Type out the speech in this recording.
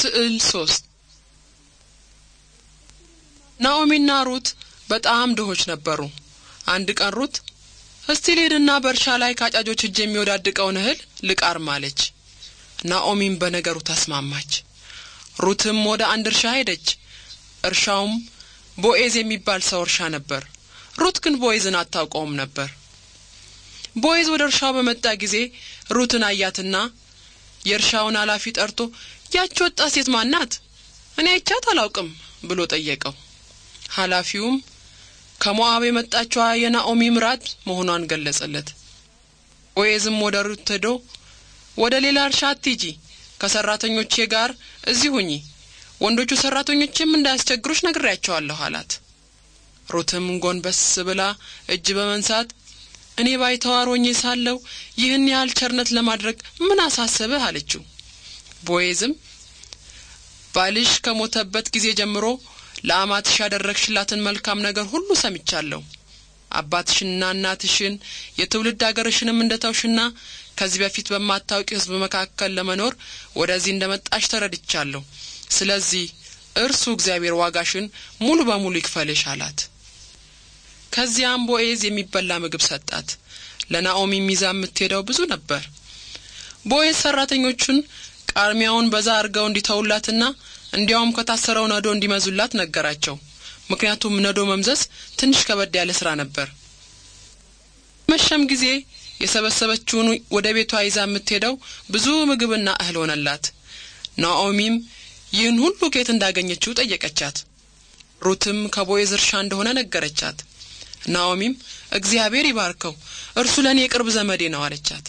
ስዕል ሶስት ናኦሚና ሩት በጣም ድሆች ነበሩ። አንድ ቀን ሩት እስቲ ልሄድና በእርሻ ላይ ከአጫጆች እጅ የሚወዳድቀውን እህል ልቃርም አለች። ናኦሚም በነገሩ ተስማማች። ሩትም ወደ አንድ እርሻ ሄደች። እርሻውም ቦኤዝ የሚባል ሰው እርሻ ነበር። ሩት ግን ቦኤዝን አታውቀውም ነበር። ቦኤዝ ወደ እርሻው በመጣ ጊዜ ሩትን አያትና የእርሻውን ኃላፊ ጠርቶ ያች ወጣት ሴት ማናት? እኔ አይቻት አላውቅም ብሎ ጠየቀው። ኃላፊውም ከሞዓብ የመጣችዋ የናኦሚ ምራት መሆኗን ገለጸለት። ኦኤዝም ወደ ሩት ሄዶ ወደ ሌላ እርሻ አትጂ፣ ከሰራተኞቼ ጋር እዚህ ሁኚ፣ ወንዶቹ ሰራተኞችም እንዳያስቸግሩሽ ነግሬያቸዋለሁ አላት። ሩትም ጎንበስ ብላ እጅ በመንሳት እኔ ባይተዋር ሆኜ ሳለሁ ይህን ያህል ቸርነት ለማድረግ ምን አሳሰበህ አለችው። ቦዔዝም ባልሽ ከሞተበት ጊዜ ጀምሮ ለአማትሽ ያደረግሽላትን መልካም ነገር ሁሉ ሰምቻለሁ። አባትሽና እናትሽን የትውልድ አገርሽንም እንደተውሽና ከዚህ በፊት በማታውቂ ሕዝብ መካከል ለመኖር ወደዚህ እንደመጣሽ ተረድቻለሁ። ስለዚህ እርሱ እግዚአብሔር ዋጋሽን ሙሉ በሙሉ ይክፈልሽ አላት። ከዚያም ቦኤዝ የሚበላ ምግብ ሰጣት። ለናኦሚ ሚዛ የምትሄደው ብዙ ነበር። ቦኤዝ ሰራተኞቹን ቃርሚያውን በዛ አድርገው እንዲተውላትና እንዲያውም ከታሰረው ነዶ እንዲመዙላት ነገራቸው። ምክንያቱም ነዶ መምዘዝ ትንሽ ከበድ ያለ ስራ ነበር። መሸም ጊዜ የሰበሰበችውን ወደ ቤቷ ይዛ የምትሄደው ብዙ ምግብና እህል ሆነላት። ናኦሚም ይህን ሁሉ ከየት እንዳገኘችው ጠየቀቻት። ሩትም ከቦኤዝ እርሻ እንደሆነ ነገረቻት። ናኦሚም እግዚአብሔር ይባርከው፣ እርሱ ለእኔ የቅርብ ዘመዴ ነው አለቻት።